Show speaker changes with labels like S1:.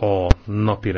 S1: a napi